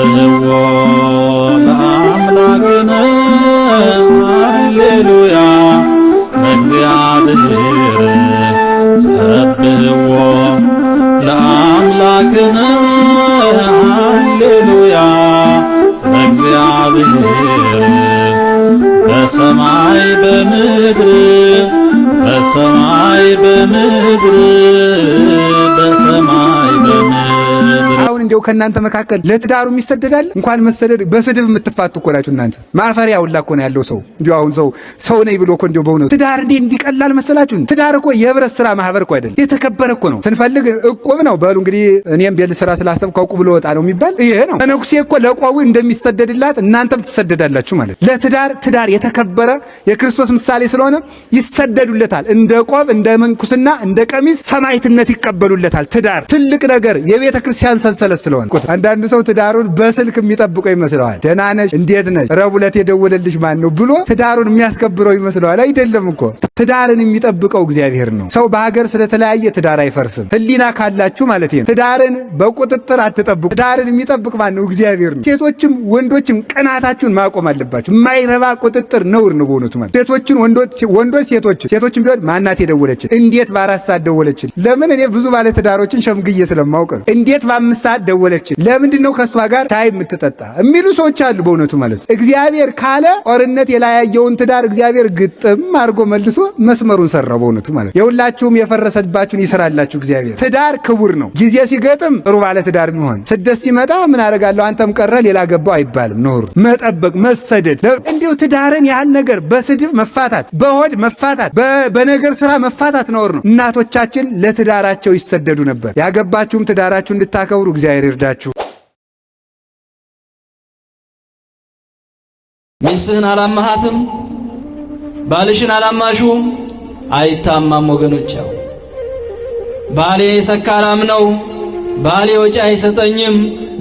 እወ ለአምላክነ ሃሌሉያ ለእግዚአብሔር ሰብሕዎ ለአምላክነ ሃሌሉያ ለእግዚአብሔር በሰማይ በምድር በሰማይ በምድር እንዲያው ከእናንተ መካከል ለትዳሩ የሚሰደዳል እንኳን መሰደድ በስድብ የምትፋቱ እኮ ናችሁ እናንተ። ማፈሪያ ሁላ እኮ ነው ያለው ሰው። እንዲያው አሁን ሰው ሰው ነኝ ብሎ እኮ እንዲያው በእውነቱ ትዳር እንዴ እንዲቀላል መሰላችሁ? ትዳር እኮ የህብረት ስራ ማህበር እኮ አይደል? የተከበረ እኮ ነው። ስንፈልግ እቁብ ነው በሉ እንግዲህ። እኔም ቤል ስራ ስላሰብ ብሎ ወጣ ነው የሚባል ይሄ ነው። መነኩሴ እኮ ለቋዊ እንደሚሰደድላት እናንተም ትሰደዳላችሁ ማለት ለትዳር ትዳር የተከበረ የክርስቶስ ምሳሌ ስለሆነ ይሰደዱለታል። እንደ ቆብ፣ እንደ መንኩስና፣ እንደ ቀሚስ ሰማይትነት ይቀበሉለታል። ትዳር ትልቅ ነገር የቤተ ክርስቲያን ሰንሰለት ስለሆነ አንዳንድ ሰው ትዳሩን በስልክ የሚጠብቀው ይመስለዋል። ደህና ነሽ፣ እንዴት ነሽ፣ ረቡዕ ዕለት የደወለልሽ ማን ነው ብሎ ትዳሩን የሚያስከብረው ይመስለዋል። አይደለም እኮ ትዳርን የሚጠብቀው እግዚአብሔር ነው። ሰው በሀገር ስለተለያየ ትዳር አይፈርስም። ህሊና ካላችሁ ማለት ነው። ትዳርን በቁጥጥር አትጠብቁ። ትዳርን የሚጠብቅ ማን ነው? እግዚአብሔር ነው። ሴቶችም ወንዶችም ቅናታችሁን ማቆም አለባችሁ። የማይረባ ቁጥጥር ነውር ነው በሆኑት ማለት ሴቶችን ወንዶች ሴቶች ሴቶችን ቢሆን ማናት የደወለችን? እንዴት በአራት ሰዓት ደወለችን? ለምን እኔ ብዙ ትዳሮችን ሸምግዬ ስለማውቅ ነው። እንዴት በአምስት ሰዓት ደወለችን። ለምንድን ነው ከእሷ ጋር ታይ የምትጠጣ የሚሉ ሰዎች አሉ። በእውነቱ ማለት እግዚአብሔር ካለ ጦርነት የላያየውን ትዳር እግዚአብሔር ግጥም አድርጎ መልሶ መስመሩን ሰራው። በእውነቱ ማለት የሁላችሁም የፈረሰባችሁን ይሰራላችሁ እግዚአብሔር። ትዳር ክቡር ነው። ጊዜ ሲገጥም ጥሩ ባለ ትዳር ሚሆን ስደት ሲመጣ ምን አደርጋለሁ አንተም ቀረ ሌላ ገባው አይባልም። ኖር መጠበቅ መሰደድ እንዲሁ ትዳርን ያህል ነገር በስድብ መፋታት፣ በሆድ መፋታት፣ በነገር ስራ መፋታት ነውር ነው። እናቶቻችን ለትዳራቸው ይሰደዱ ነበር። ያገባችሁም ትዳራችሁ እንድታከብሩ እግዚአብሔር እግዚአብሔር ይርዳችሁ። ሚስትህን አላማሃትም፣ ባልሽን አላማሹም አይታማም። ወገኖች ያው ባሌ ሰካራም ነው፣ ባሌ ወጪ አይሰጠኝም፣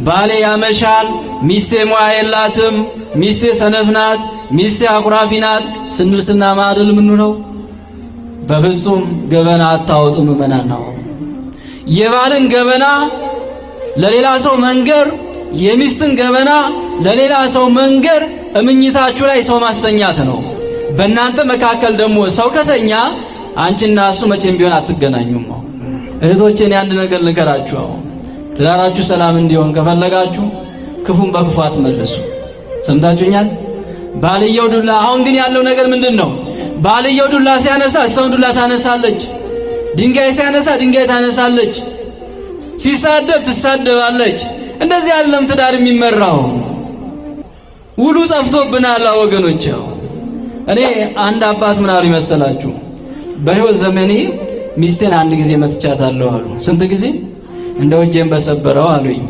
ባሌ ያመሻል፣ ሚስቴ ሙያ የላትም፣ ሚስቴ ሰነፍ ናት፣ ሚስቴ አኩራፊ ናት ስንል ስናማ ምኑ ነው? በፍጹም ገበና አታወጡም። መናናው የባልን ገበና ለሌላ ሰው መንገር የሚስትን ገበና ለሌላ ሰው መንገር እምኝታችሁ ላይ ሰው ማስተኛት ነው። በእናንተ መካከል ደግሞ ሰው ከተኛ አንቺና እሱ መቼም ቢሆን አትገናኙም። እህቶቼ አንድ ነገር ልንገራችሁ። አሁን ትዳራችሁ ሰላም እንዲሆን ከፈለጋችሁ ክፉን በክፉ አትመልሱ። ሰምታችሁኛል? ባልየው ዱላ። አሁን ግን ያለው ነገር ምንድን ነው? ባልየው ዱላ ሲያነሳ እሷም ዱላ ታነሳለች። ድንጋይ ሲያነሳ ድንጋይ ታነሳለች። ሲሳደብ ትሳደባለች። እንደዚህ አይደለም ትዳር የሚመራው። ውሉ ጠፍቶብናል ወገኖች። እኔ አንድ አባት ምን አሉ ይመሰላችሁ? በህይወት ዘመኔ ሚስቴን አንድ ጊዜ መትቻታለሁ አሉ። ስንት ጊዜ እንደው እጄን በሰበረው አሉኝ።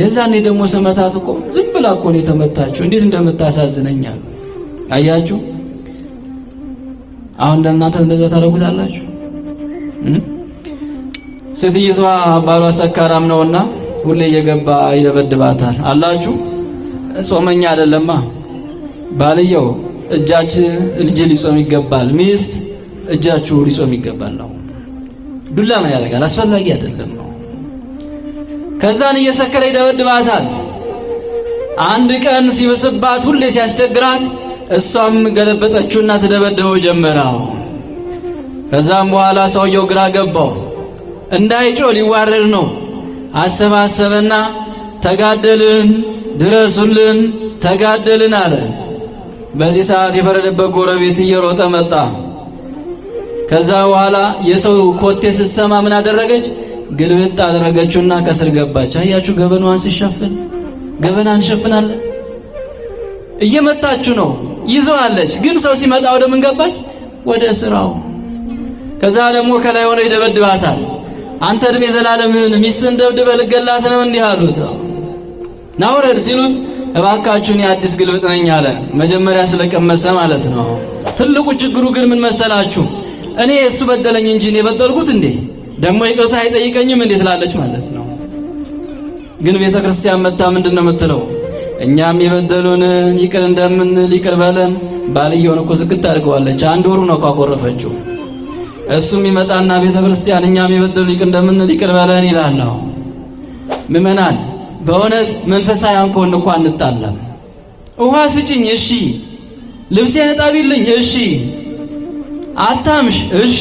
የዛኔ ደግሞ ስመታት እኮ ዝም ብላ እኮ ነው የተመታችሁ፣ እንዴት እንደምታሳዝነኝ አሉ። አያችሁ አሁን እንደናንተ እንደዛ ታደርጉታላችሁ። ሴትይቷ ባሏ ሰካራም ነውና ሁሌ እየገባ ይደበድባታል አላችሁ። ጾመኛ አይደለማ ባልየው። እጃች ልጅ ሊጾም ይገባል፣ ሚስት እጃችሁ ሊጾም ይገባል ነው። ዱላ ነው ያደርጋል፣ አስፈላጊ አይደለም ነው። ከዛን እየሰከረ ይደበድባታል። አንድ ቀን ሲብስባት፣ ሁሌ ሲያስቸግራት፣ እሷም ገለበጠችውና ትደበደበው ጀመረው። ከዛም በኋላ ሰውየው ግራ ገባው። እንዳይጮህ ሊዋረድ ነው። አሰባሰበና ተጋደልን፣ ድረሱልን፣ ተጋደልን አለ። በዚህ ሰዓት የፈረደበት ጎረቤት እየሮጠ መጣ። ከዛ በኋላ የሰው ኮቴ ስትሰማ ምን አደረገች? ግልብጥ አደረገችውና ከስር ገባች። አያችሁ ገበኗን ሲሸፍን ገበና እንሸፍናለን። እየመጣችሁ ነው ይዘዋለች። ግን ሰው ሲመጣ ወደ ምን ገባች? ወደ ስራው። ከዛ ደግሞ ከላይ ሆነው ይደበድባታል። አንተ እድሜ ዘላለምህን ሚስትህን ደብድበህ ልገላት ነው እንዲህ አሉት። ናውረድ ሲሉት እባካችሁን የአዲስ ግልብጥ ነኝ አለ። መጀመሪያ ስለቀመሰ ማለት ነው። ትልቁ ችግሩ ግን ምን መሰላችሁ? እኔ እሱ በደለኝ እንጂ እኔ በደልኩት እንዴ? ደግሞ ይቅርታ አይጠይቀኝም እንዴ ትላለች ማለት ነው። ግን ቤተ ክርስቲያን መታ ምንድን ነው የምትለው? እኛም የበደሉን ይቅር እንደምንል ይቅር በለን። ባልየውን እኮ ዝግት አድርገዋለች። አንድ ወሩ ነው እኮ እሱም ይመጣና ቤተ ክርስቲያን እኛም የበደሉ ይቅር እንደምንል ይቅር በለን ይላለሁ። ምእመናን በእውነት መንፈሳውያን ከሆን እኮ አንጣለም። ውሃ ስጭኝ፣ እሺ። ልብሴ ነጣቢልኝ እሺ። አታምሽ፣ እሺ።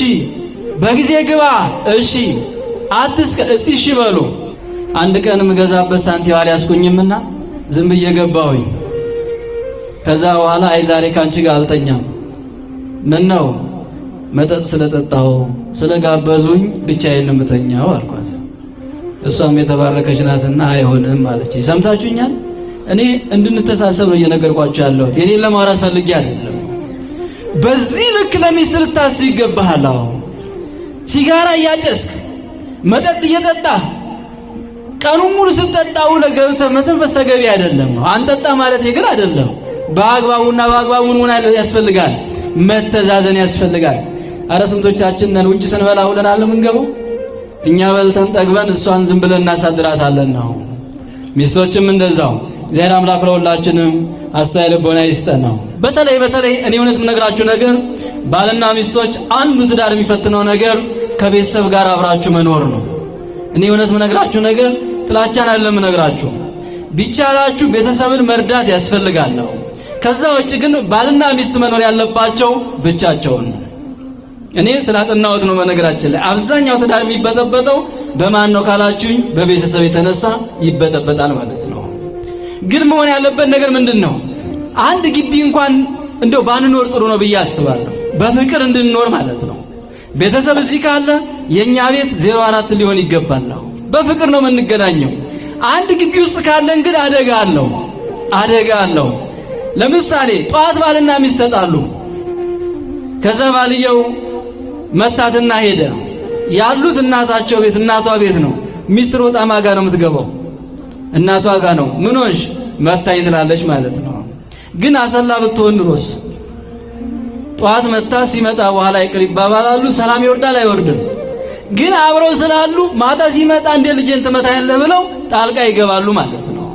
በጊዜ ግባ፣ እሺ። አትስከ እስቲ እሺ በሉ። አንድ ቀን ምገዛበት ሳንቲም አልያዝኩኝምና ዝም ብዬ ገባሁኝ። ከዛ በኋላ አይ ዛሬ ካንቺ ጋር አልተኛም ምን ነው መጠጥ ስለጠጣው ስለጋበዙኝ ብቻዬን ነው የምተኛው አልኳት። እሷም የተባረከች ናትና አይሆንም አለች። ሰምታችሁኛል። እኔ እንድንተሳሰብ ነው እየነገርኳችሁ ያለሁት። የኔን ለማውራት ፈልጌ አይደለም። በዚህ ልክ ለሚስት ልታስብ ይገባሃል። አዎ ሲጋራ እያጨስክ መጠጥ እየጠጣ ቀኑን ሙሉ ስትጠጣ ውለህ ገብተህ መተንፈስ ተገቢ አይደለም። አንጠጣ ማለት ግን አይደለም። በአግባቡና በአግባቡ ምን ያስፈልጋል? መተዛዘን ያስፈልጋል። አረ ስንቶቻችን ነን ውጭ ስንበላ ውለን አለ ምንገባው እኛ በልተን ጠግበን እሷን ዝም ብለን እናሳድራታለን ነው። ሚስቶችም እንደዛው እግዚአብሔር አምላክ ለሁላችንም አስተዋይ ልቦና ይስጠን ነው። በተለይ በተለይ እኔ እውነት የምነግራችሁ ነገር ባልና ሚስቶች አንዱ ትዳር የሚፈትነው ነገር ከቤተሰብ ጋር አብራችሁ መኖር ነው። እኔ እውነት የምነግራችሁ ነገር ጥላቻን አይደለም የምነግራችሁ። ቢቻላችሁ ቤተሰብን መርዳት ያስፈልጋል ነው። ከዛ ውጭ ግን ባልና ሚስት መኖር ያለባቸው ብቻቸውን ነው። እኔ ስላጠናሁት ነው። በነገራችን ላይ አብዛኛው ትዳር የሚበጠበጠው በማን ነው ካላችሁኝ፣ በቤተሰብ የተነሳ ይበጠበጣል ማለት ነው። ግን መሆን ያለበት ነገር ምንድን ነው? አንድ ግቢ እንኳን እንደው ባንኖር ጥሩ ነው ብዬ አስባለሁ። በፍቅር እንድንኖር ማለት ነው። ቤተሰብ እዚህ ካለ የእኛ ቤት ዜሮ አራት ሊሆን ይገባል። በፍቅር ነው የምንገናኘው። አንድ ግቢ ውስጥ ካለን ግን አደጋ አለው፣ አደጋ አለው። ለምሳሌ ጠዋት ባልና ሚስት ተጣሉ፣ ከዛ ባልየው መታትና ሄደ። ያሉት እናታቸው ቤት እናቷ ቤት ነው። ሚስት ሮጣማ ጋር ነው የምትገባው፣ እናቷ ጋ ነው። ምን ሆንሽ? መታኝ ትላለች ማለት ነው። ግን አሰላ ብትሆን ኑሮስ ጠዋት መታ ሲመጣ በኋላ ይቅር ይባባላሉ። ሰላም ይወርዳል አይወርድም? ግን አብረው ስላሉ ማታ ሲመጣ እንደ ልጄን ትመታ ያለ ብለው ጣልቃ ይገባሉ ማለት ነው።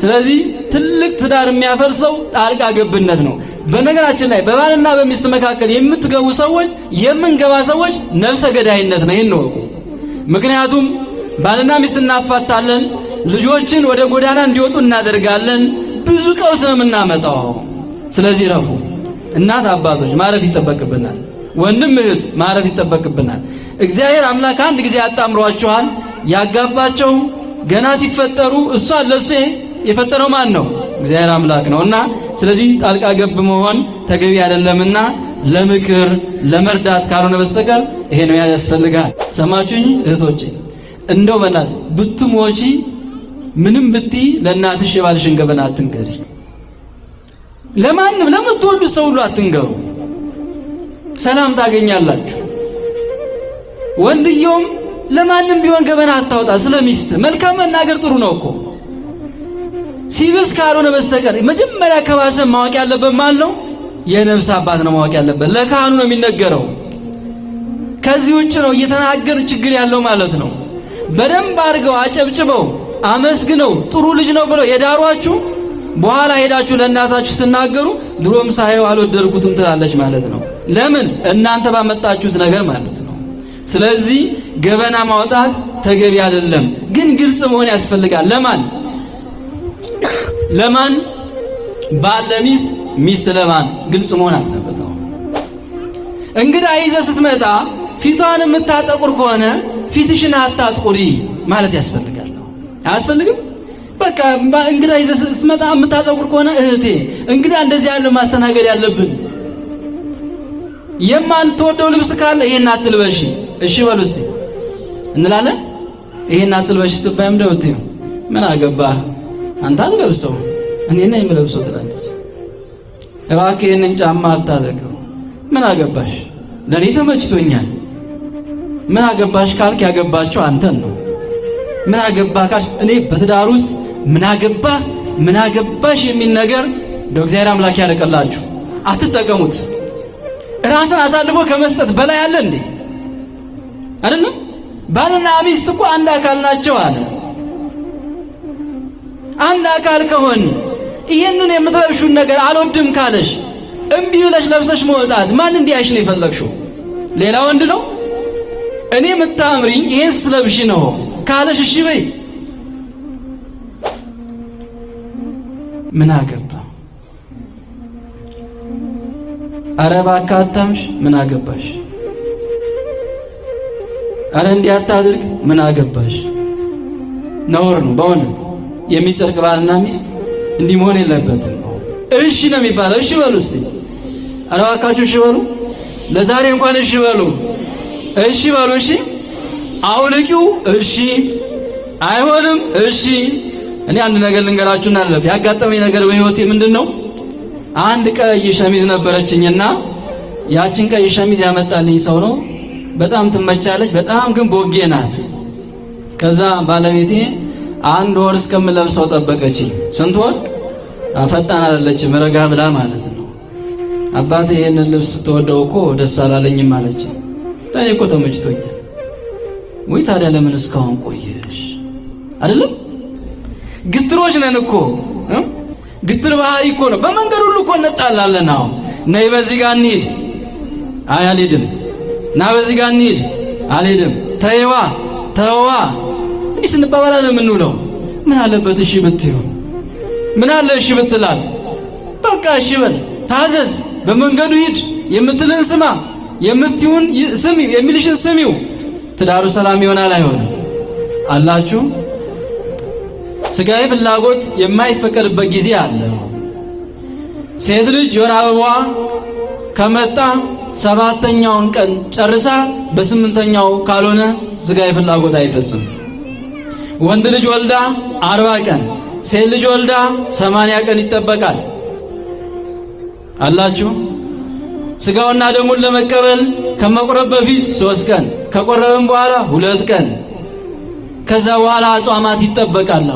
ስለዚህ ትልቅ ትዳር የሚያፈርሰው ጣልቃ ገብነት ነው። በነገራችን ላይ በባልና በሚስት መካከል የምትገቡ ሰዎች፣ የምንገባ ሰዎች ነፍሰ ገዳይነት ነው። ይህን ወቁ። ምክንያቱም ባልና ሚስት እናፋታለን፣ ልጆችን ወደ ጎዳና እንዲወጡ እናደርጋለን፣ ብዙ ቀውስ ነው የምናመጣው። ስለዚህ ረፉ። እናት አባቶች ማረፍ ይጠበቅብናል። ወንድም እህት ማረፍ ይጠበቅብናል። እግዚአብሔር አምላክ አንድ ጊዜ ያጣምሯችኋል። ያጋባቸው ገና ሲፈጠሩ እሷ ለሴ የፈጠረው ማን ነው? እግዚአብሔር አምላክ ነው እና ስለዚህ ጣልቃ ገብ መሆን ተገቢ አይደለምና ለምክር ለመርዳት ካልሆነ በስተቀር ይሄ ነው ያስፈልጋል። ሰማችሁኝ እህቶቼ? እንደው በእናት ብትሞቺ ምንም ብቲ ለእናትሽ የባልሽን ገበና አትንገሪ። ለማንም ለምትወዱት ሰው ሁሉ አትንገሩ። ሰላም ታገኛላችሁ። ወንድየውም ለማንም ቢሆን ገበና አታውጣ። ስለሚስት መልካም መናገር ጥሩ ነው እኮ ሲብስ ካልሆነ በስተቀር መጀመሪያ ከባሰ ማወቅ ያለበት ማን ነው? የነብስ አባት ነው ማወቅ ያለበት። ለካህኑ ነው የሚነገረው። ከዚህ ውጭ ነው እየተናገሩ ችግር ያለው ማለት ነው። በደንብ አድርገው አጨብጭበው አመስግነው ጥሩ ልጅ ነው ብለው የዳሯችሁ በኋላ ሄዳችሁ ለእናታችሁ ስትናገሩ ድሮም ሳየው አልወደድኩትም ትላለች ማለት ነው። ለምን እናንተ ባመጣችሁት ነገር ማለት ነው። ስለዚህ ገበና ማውጣት ተገቢ አይደለም፣ ግን ግልጽ መሆን ያስፈልጋል ለማን ለማን ባል ለሚስት ሚስት ለማን ግልጽ መሆን አለበት። ነው እንግዳ ይዘ ስትመጣ ፊቷን የምታጠቁር ከሆነ ፊትሽን አታጥቁሪ ማለት ያስፈልጋል። አያስፈልግም? በቃ እንግዳ ይዘ ስትመጣ የምታጠቁር ከሆነ እህቴ፣ እንግዳ እንደዚህ ያለው ማስተናገድ ያለብን የማንትወደው ልብስ ካለ ይሄን አትልበሺ፣ እሺ በሉ እስቲ እንላለን። ይሄን አትልበሺ ትባይም ደውት ምን አገባህ አንተ አትለብሰው ነኝ የምለብሰው ትላለች። እባክህ ይህንን ጫማ አታድርገው። ምን አገባሽ? ለእኔ ተመችቶኛል። ምን አገባሽ ካልክ ያገባቸው አንተን ነው። ምን አገባ ካልሽ እኔ በትዳር ውስጥ ምን አገባ ምን አገባሽ የሚል ነገር እንደ እግዚአብሔር አምላክ ያለቀላችሁ አትጠቀሙት። ራስን አሳልፎ ከመስጠት በላይ አለ እንዴ? አይደለም። ባልና ሚስት እኮ አንድ አካል ናቸው አለ አንድ አካል ከሆን ይህንን የምትለብሹን ነገር አልወድም ካለሽ እምቢ ብለሽ ለብሰሽ መውጣት ማን እንዲያሽ ነው የፈለግሽው? ሌላ ወንድ ነው እኔ የምታምሪኝ ይሄን ስትለብሽ ነው ካለሽ እሺ በይ። ምን አገባ? አረ እባክህ አታምሽ፣ ምን አገባሽ? አረ እንዲህ አታድርግ፣ ምን አገባሽ? ነውር ነው በእውነት። የሚጸድቅ ባልና ሚስት እንዲህ መሆን የለበትም። እሺ ነው የሚባለው። እሺ በሉ እስቲ አረባካችሁ፣ እሺ በሉ ለዛሬ እንኳን እሺ በሉ። እሺ በሉ። እሺ አውልቂው። እሺ አይሆንም። እሺ እኔ አንድ ነገር ልንገራችሁ እናለፍ። ያጋጠመኝ ነገር በህይወቴ ምንድን ነው? አንድ ቀይ ሸሚዝ ነበረችኝና ያችን ቀይ ሸሚዝ ያመጣልኝ ሰው ነው። በጣም ትመቻለች፣ በጣም ግን ቦጌ ናት። ከዛ ባለቤቴ አንድ ወር እስከምለብሰው ጠበቀችኝ። ስንት ወር አፈጣን አለች። ረጋ ብላ ማለት ነው። አባቴ ይህንን ልብስ ስትወደው እኮ ደስ አላለኝም አለች። ለእኔ እኮ ተመችቶኛል። ወይ ታዲያ ለምን እስካሁን ቆየሽ? አይደለም ግትሮች ነን እኮ ግትር ባህሪ እኮ ነው። በመንገድ ሁሉ እኮ እንጣላለን። አሁን ነይ በዚህ ጋር እንሂድ፣ አይ አልሄድም። ና በዚህ ጋር እንሂድ፣ አልሄድም። ተይዋ ተዋ እንዲህ ስንባባላ ነው የምንውለው። ምን አለበት እሺ ብትዩ? ምን አለ እሺ ብትላት? በቃ እሺ በል ታዘዝ፣ በመንገዱ ሂድ፣ የምትልን ስማ፣ የምትዩን ስሚ፣ የሚልሽን ስሚው። ትዳሩ ሰላም ይሆናል አይሆንም አላችሁ። ስጋዊ ፍላጎት የማይፈቀድበት ጊዜ አለ። ሴት ልጅ የወር አበባዋ ከመጣ ሰባተኛውን ቀን ጨርሳ በስምንተኛው ካልሆነ ስጋዊ ፍላጎት አይፈጽም። ወንድ ልጅ ወልዳ አርባ ቀን ሴት ልጅ ወልዳ ሰማንያ ቀን ይጠበቃል አላችሁ። ስጋውና ደሙን ለመቀበል ከመቁረብ በፊት ሶስት ቀን ከቆረብን በኋላ ሁለት ቀን ከዛ በኋላ አጽዋማት ይጠበቃል።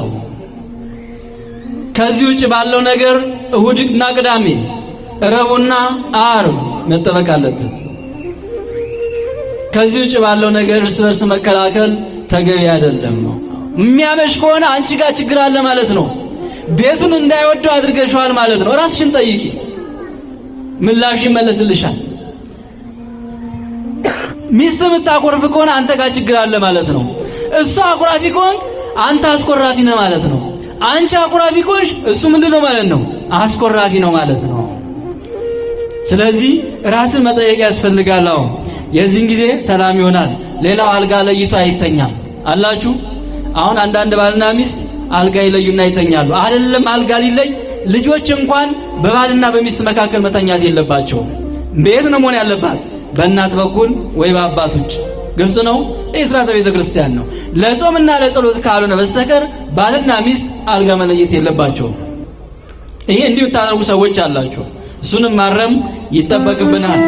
ከዚህ ውጭ ባለው ነገር እሁድና ቅዳሜ፣ ረቡዕና አርብ መጠበቅ አለበት። ከዚህ ውጭ ባለው ነገር እርስ በርስ መከላከል ተገቢ አይደለም ነው። የሚያመሽ ከሆነ አንቺ ጋር ችግር አለ ማለት ነው። ቤቱን እንዳይወደው አድርገሽዋል ማለት ነው። ራስሽን ጠይቂ፣ ምላሹ ይመለስልሻል። ሚስት የምታኮርፍ ከሆነ አንተ ጋር ችግር አለ ማለት ነው። እሱ አኩራፊ ከሆን አንተ አስኮራፊ ነህ ማለት ነው። አንቺ አኩራፊ ከሆንሽ እሱ ምንድን ነው ማለት ነው? አስኮራፊ ነው ማለት ነው። ስለዚህ ራስን መጠየቅ ያስፈልጋል። አዎ የዚህን ጊዜ ሰላም ይሆናል። ሌላው አልጋ ለይቶ አይተኛም አላችሁ። አሁን አንዳንድ ባልና ሚስት አልጋ ይለዩና ይተኛሉ። አይደለም አልጋ ሊለይ ልጆች እንኳን በባልና በሚስት መካከል መተኛት የለባቸውም። ቤት ነው መሆን ያለባት በእናት በኩል ወይ በአባት ውጭ። ግልጽ ነው። ይህ ስርዓተ ቤተ ክርስቲያን ነው። ለጾምና ለጸሎት ካልሆነ በስተቀር ባልና ሚስት አልጋ መለየት የለባቸውም። ይሄ እንዲሁ ታደርጉ ሰዎች አላችሁ። እሱንም ማረም ይጠበቅብናል።